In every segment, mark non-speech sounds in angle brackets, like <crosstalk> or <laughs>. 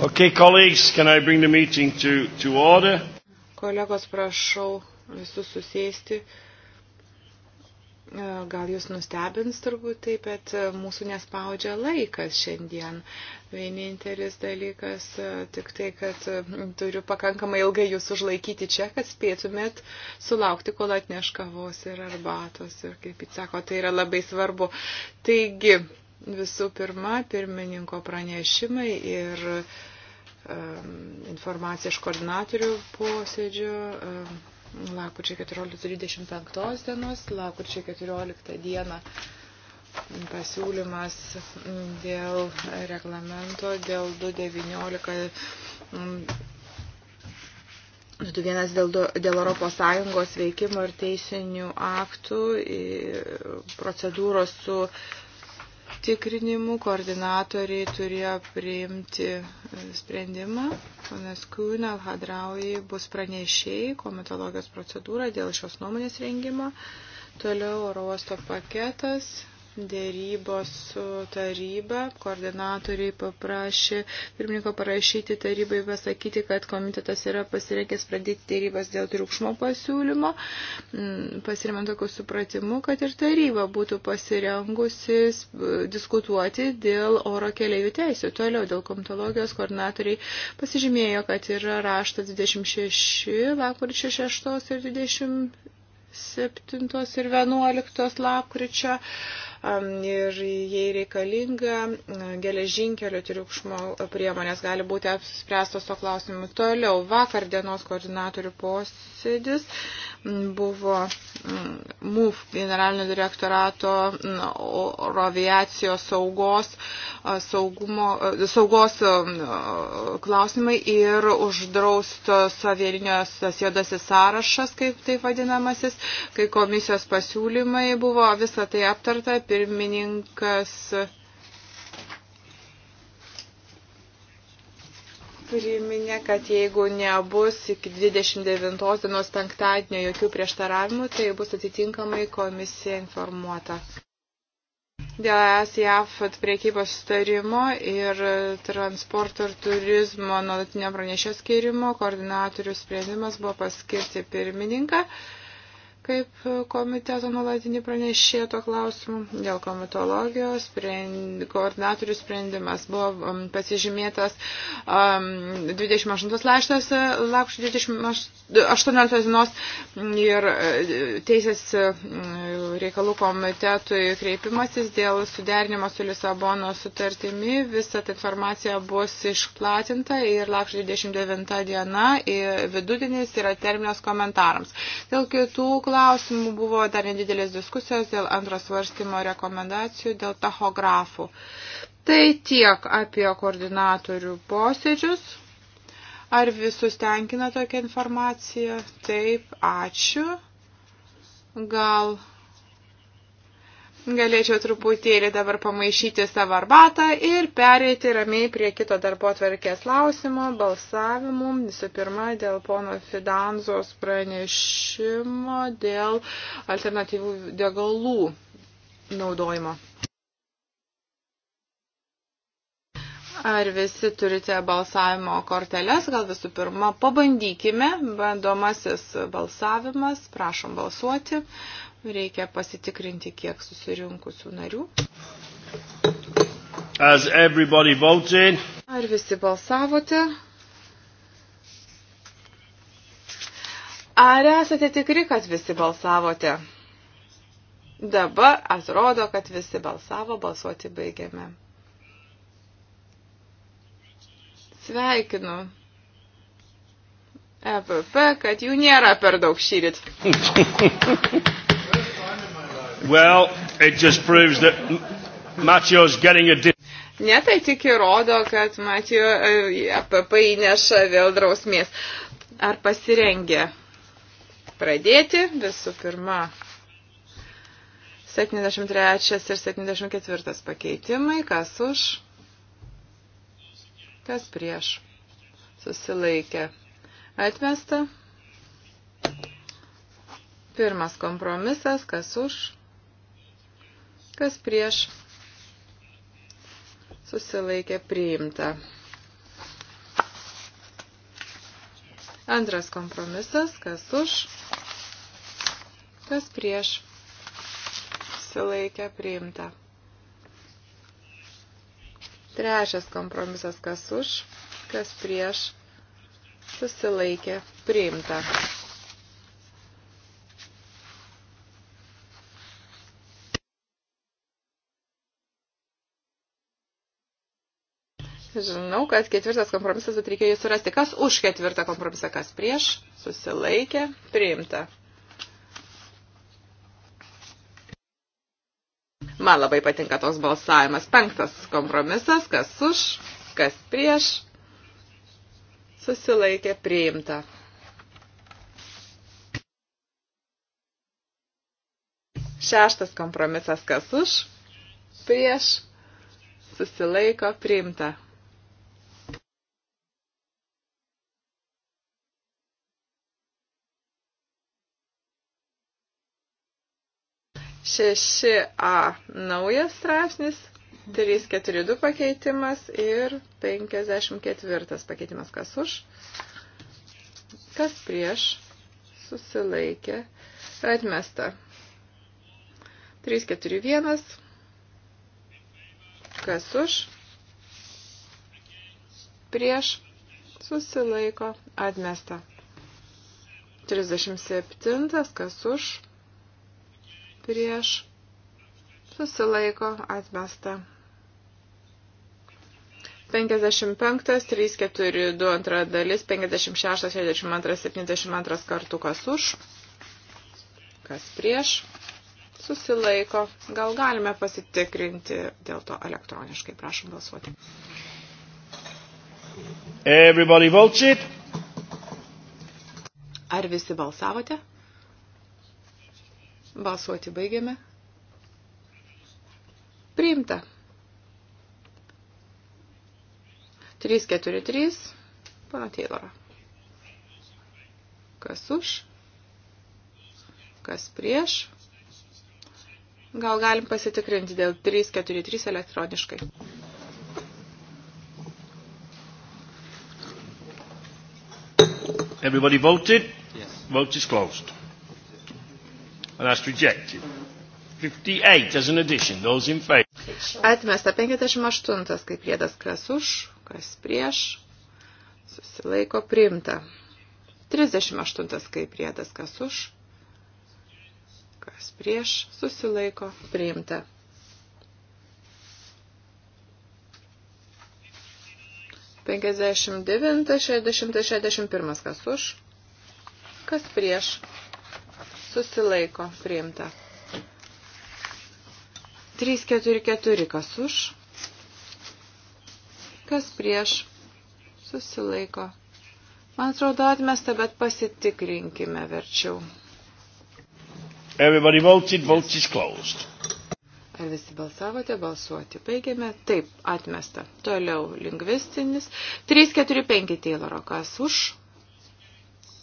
Okay, colleagues, can I bring the meeting to, to order? Kolegos, prašau visus susėsti. E, gal jūs nustebins turbūt taip, bet e, mūsų nespaudžia laikas šiandien. Vienintelis dalykas e, tik tai, kad turiu pakankamai ilgai jūs užlaikyti čia, kad spėtumėt sulaukti, kol atneš kavos ir arbatos. Ir kaip jūs sako, tai yra labai svarbu. Taigi, Visų pirma, pirmininko pranešimai ir um, informacija iš koordinatorių posėdžio. Um, Lakučio 14.25 dienos, lakučio 14 dieną pasiūlymas dėl reglamento, dėl 219 mm, vienas dėl, dėl Europos Sąjungos veikimo ir teisinių aktų procedūros su uh, patikrinimų koordinatoriai turėjo priimti e, sprendimą. Panas Kūna Hadraujai bus pranešėjai komitologijos procedūrą dėl šios nuomonės rengimo. Toliau oro uosto paketas, dėrybos su taryba. Koordinatoriai paprašė pirmininko parašyti tarybai pasakyti, kad komitetas yra pasireikęs pradėti dėrybas dėl triukšmo pasiūlymo. Mm, Pasirimant tokiu supratimu, kad ir taryba būtų pasirengusi diskutuoti dėl oro keliaivių teisų. Toliau dėl komitologijos koordinatoriai pasižymėjo, kad yra raštas 26, lapkričio 6 ir 20. 7 ir 11 lapkričio ir jei reikalinga geležinkelio triukšmo priemonės gali būti apspręstos to klausimu. Toliau, vakar dienos koordinatorių posėdis buvo MUF generalinio direktorato oro aviacijos saugos, saugumo, saugos klausimai ir uždraustos aviarinės tas juodasis sąrašas, kaip tai vadinamasis kai komisijos pasiūlymai buvo visą tai aptarta, pirmininkas priminė, kad jeigu nebus iki 29 dienos penktadienio jokių prieštaravimų, tai bus atitinkamai komisija informuota. Dėl ES-JAF priekybos sutarimo ir transporto ir turizmo nuolatinio pranešio skirimo koordinatorių sprendimas buvo paskirti pirmininką kaip komiteto nuolatinį pranešė to klausimu dėl komitologijos, sprend, koordinatorių sprendimas buvo um, pasižymėtas um, 28 laištas, uh, lapkričio 18 dienos mm, ir uh, teisės mm, reikalų komitetui kreipimasis dėl suderinimo su Lisabono sutartimi. Visa ta informacija bus išplatinta ir lapkričio 29 diena vidudienis yra terminas komentarams. Dėl kitų klausimų klausimų buvo dar nedidelės diskusijos dėl antros svarstymo rekomendacijų dėl tachografų. Tai tiek apie koordinatorių posėdžius. Ar visus tenkina tokia informacija? Taip, ačiū. Gal Galėčiau truputėlį dabar pamaišyti savo arbatą ir pereiti ramiai prie kito darbo tvarkės klausimo, balsavimų. Visų pirma, dėl pono Fidanzos pranešimo dėl alternatyvų degalų naudojimo. Ar visi turite balsavimo korteles? Gal visų pirma, pabandykime. Bandomasis balsavimas. Prašom balsuoti. Reikia pasitikrinti, kiek susirinkusių narių. As everybody voted. Ar visi balsavote? Ar esate tikri, kad visi balsavote? Dabar atrodo, kad visi balsavo, balsuoti baigiame. Sveikinu. EPP, kad jų nėra per daug šyrit. <laughs> well, it just proves that Matio's getting a Ne, tai tik įrodo, kad Matijo EPP e įneša vėl drausmės. Ar pasirengė pradėti visų pirma 73 ir 74 pakeitimai, kas už? kas prieš, susilaikė, atmesta. Pirmas kompromisas, kas už, kas prieš, susilaikė, priimta. Antras kompromisas, kas už, kas prieš, susilaikė, priimta. Trečias kompromisas, kas už, kas prieš, susilaikė, priimta. Žinau, kad ketvirtas kompromisas, bet reikėjo jį surasti. Kas už ketvirtą kompromisą, kas prieš, susilaikė, priimta. Man labai patinka toks balsavimas. Penktas kompromisas, kas už, kas prieš, susilaikė priimta. Šeštas kompromisas, kas už, prieš, susilaiko priimta. 6a naujas straipsnis, 342 pakeitimas ir 54 pakeitimas kas už, kas prieš, susilaikė, atmesta. 341, kas už, prieš, susilaiko, atmesta. 37, kas už, prieš, susilaiko atmesta. 55, 3, 4, 2, antra dalis, 56, 62, 72 kartų kas už, kas prieš, susilaiko. Gal galime pasitikrinti dėl to elektroniškai, prašom balsuoti. Everybody votes it. Ar visi balsavote? Balsuoti baigiame. Priimta. 343. Pana Taylorą. Kas už? Kas prieš? Gal galim pasitikrinti dėl 343 elektroniškai. Everybody voted? Yes. Vote is closed and that's rejected. 58 as an addition, those in favor. Atmesta 58, kaip priedas kas už, kas prieš, susilaiko priimta. 38, kaip priedas kas už, kas prieš, susilaiko priimta. 59, 60, 61, kas už, kas prieš, susilaiko priimta. 344 kas už, kas prieš, susilaiko. Man atrodo atmesta, bet pasitikrinkime verčiau. Everybody voted, vote is closed. Ar visi balsavote balsuoti? Baigėme. Taip, atmesta. Toliau lingvistinis. 3, 4, 5 Tayloro. Kas už?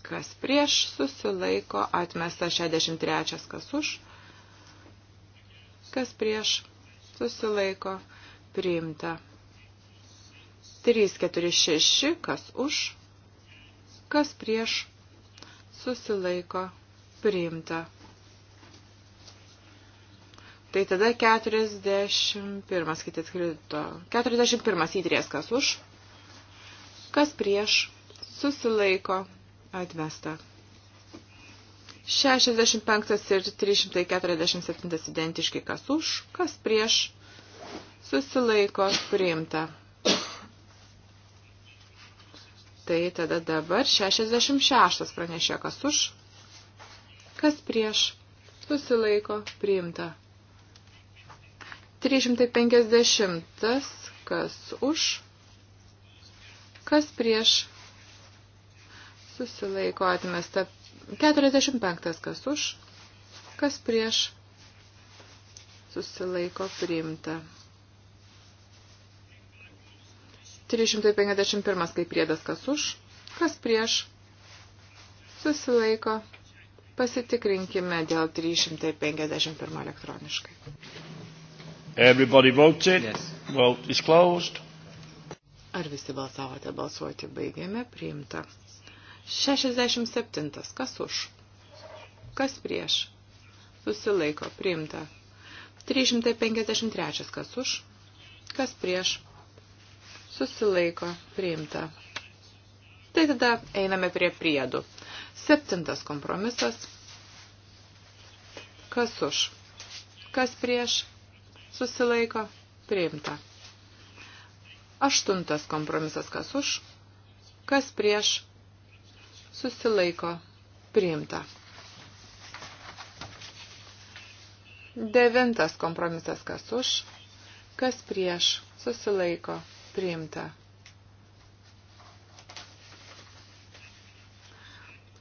kas prieš, susilaiko, atmesta 63, kas už, kas prieš, susilaiko, priimta. 3, 4, 6, kas už, kas prieš, susilaiko, priimta. Tai tada 41, skaitė atkrito, 41 įtrės kas už, kas prieš, susilaiko, Atmesta. 65 ir 347 identiški, kas už, kas prieš, susilaiko priimta. Tai tada dabar 66 pranešė, kas už, kas prieš, susilaiko priimta. 350, kas už, kas prieš, susilaiko atmesta 45 kas už, kas prieš, susilaiko priimta. 351 kaip priedas kas už, kas prieš, susilaiko. Pasitikrinkime dėl 351 elektroniškai. Everybody voted. Yes. Vote is closed. Ar visi balsavote balsuoti? Baigėme. Priimta. 67. Kas už? Kas prieš? Susilaiko. Priimta. 353. Kas už? Kas prieš? Susilaiko. Priimta. Tai tada einame prie priedų. Septintas kompromisas. Kas už? Kas prieš? Susilaiko. Priimta. Aštuntas kompromisas. Kas už? Kas prieš? susilaiko priimta. Devintas kompromisas kas už, kas prieš, susilaiko, priimta.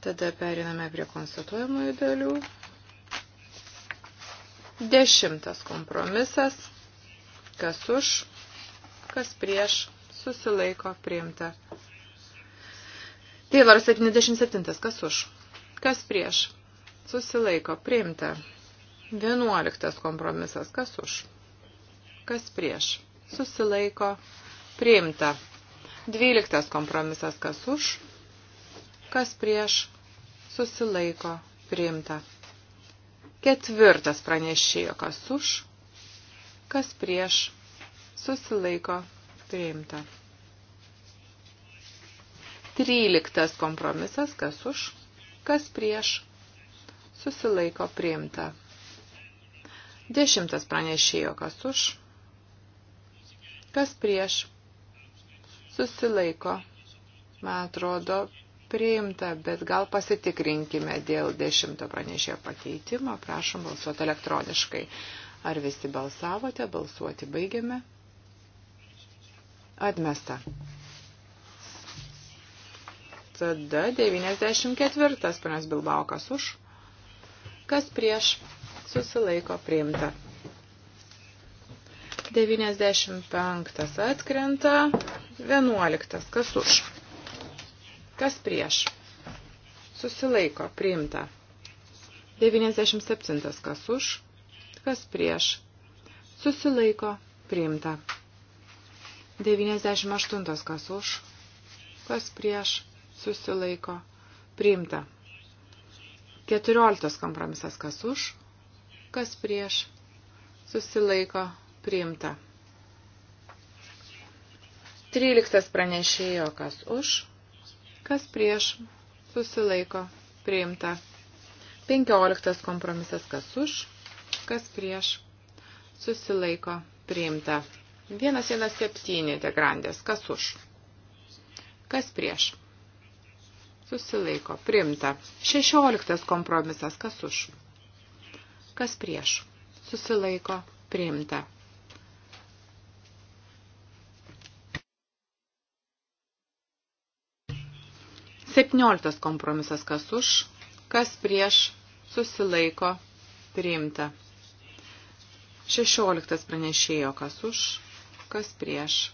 Tada periname prie konstatuojamųjų dalių. Dešimtas kompromisas, kas už, kas prieš, susilaiko, priimta. Taylor 77. Kas už? Kas prieš? Susilaiko. Priimta. 11. Kompromisas. Kas už? Kas prieš? Susilaiko. Priimta. 12. Kompromisas. Kas už? Kas prieš? Susilaiko. Priimta. Ketvirtas pranešėjo. Kas už? Kas prieš? Susilaiko. Priimta. 13 kompromisas, kas už, kas prieš, susilaiko priimta. 10 pranešėjo, kas už, kas prieš, susilaiko, man atrodo, priimta, bet gal pasitikrinkime dėl 10 pranešėjo pakeitimo, prašom balsuoti elektroniškai. Ar visi balsavote, balsuoti baigiame? Atmesta. Tada 94. Panas Bilbao, kas už? Kas prieš? Susilaiko priimta. 95 atkrenta. 11. Kas už? Kas prieš? Susilaiko priimta. 97. Kas už? Kas prieš? Susilaiko priimta. 98. Kas už? Kas prieš? susilaiko, priimta. 14 kompromisas kas už, kas prieš, susilaiko, priimta. 13 pranešėjo kas už, kas prieš, susilaiko, priimta. 15 kompromisas kas už, kas prieš, susilaiko, priimta. 117 degrandės, kas už, kas prieš susilaiko, primta. 16 kompromisas, kas už, kas prieš, susilaiko, primta. Septynioliktas kompromisas, kas už, kas prieš, susilaiko, priimta. Šešioliktas pranešėjo, kas už, kas prieš,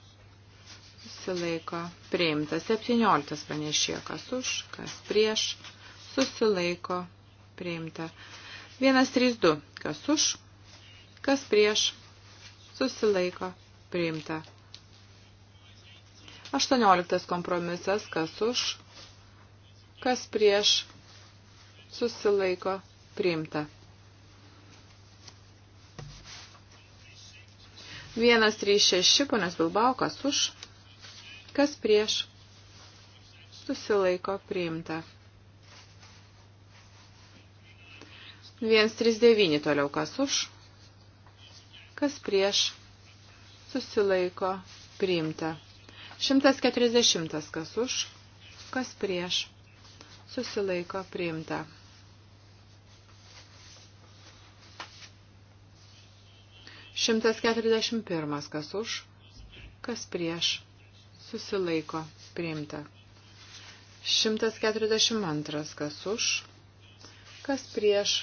susilaiko priimta. 17 panešėjo, kas už, kas prieš, susilaiko priimta. 132, kas už, kas prieš, susilaiko priimta. 18 kompromisas, kas už, kas prieš, susilaiko priimta. 136, ponas Bilbao, kas už, Kas prieš? Susilaiko priimta. 139 toliau kas už, kas prieš, susilaiko, priimta. 140 kas už, kas prieš, susilaiko, priimta. Šimtas keturiasdešimt pirmas, kas už, kas prieš, susilaiko priimta. 142 kas už, kas prieš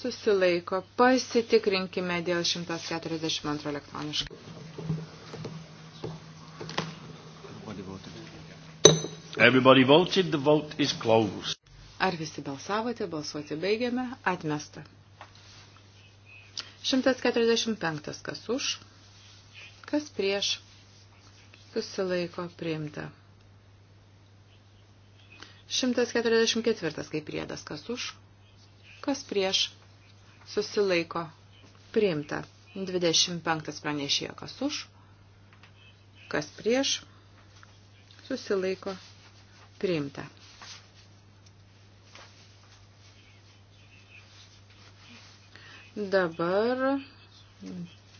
susilaiko. Pasitikrinkime dėl 142 elektroniškai. Everybody voted, the vote is closed. Ar visi balsavote, balsuoti baigiame, atmesta. 145 kas už, kas prieš susilaiko priimta. 144 kaip priedas, kas už, kas prieš, susilaiko priimta. 25 pranešėjo, kas už, kas prieš, susilaiko priimta. Dabar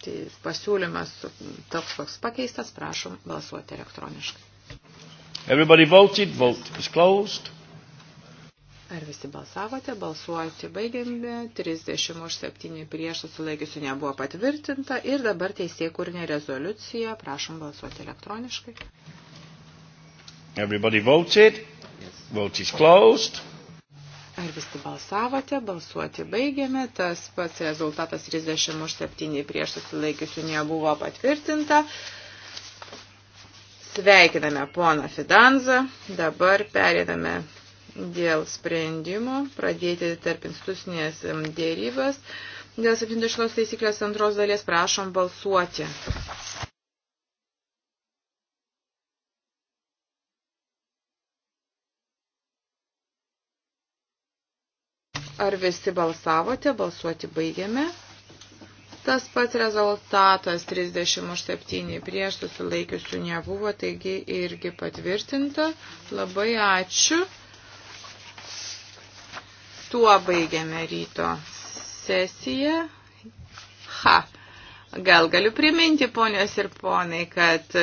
Tai pasiūlymas toks koks pakeistas, prašom balsuoti elektroniškai. Everybody voted, vote is closed. Ar visi balsavote, balsuoti baigėme, 30 už 7 prieš susilaikiusių nebuvo patvirtinta ir dabar teisė kūrinė rezoliucija, prašom balsuoti elektroniškai. Everybody voted, vote is closed. Ar visi balsavote, balsuoti baigėme, tas pats rezultatas 37 prieš susilaikiusių nebuvo patvirtinta. Sveikiname poną Fidanzą, dabar perėdame dėl sprendimo pradėti tarp institucinės dėrybas. Dėl 76 taisyklės antros dalies prašom balsuoti. Ar visi balsavote? Balsuoti baigiame. Tas pats rezultatas 37 prieš susilaikiusių nebuvo, taigi irgi patvirtinta. Labai ačiū. Tuo baigiame ryto sesiją. Ha. Gal galiu priminti, ponios ir ponai, kad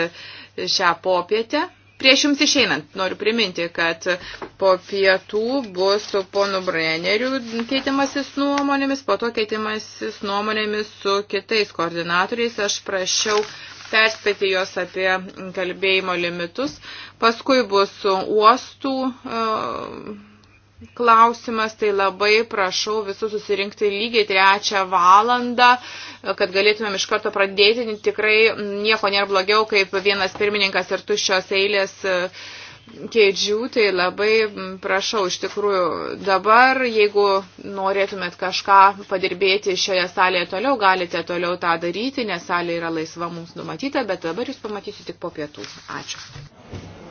šią popietę Prieš jums išeinant noriu priminti, kad po pietų bus su ponu Brenneriu keitimasis nuomonėmis, po to keitimasis nuomonėmis su kitais koordinatoriais. Aš prašiau perspėti jos apie kalbėjimo limitus. Paskui bus uostų. Uh, klausimas, tai labai prašau visus susirinkti lygiai trečią valandą, kad galėtumėm iš karto pradėti. Tikrai nieko nėra blogiau, kaip vienas pirmininkas ir tuščios eilės e, kėdžių, tai labai prašau iš tikrųjų dabar, jeigu norėtumėt kažką padirbėti šioje salėje toliau, galite toliau tą daryti, nes salė yra laisva mums numatyta, bet dabar jūs pamatysiu tik po pietų. Ačiū.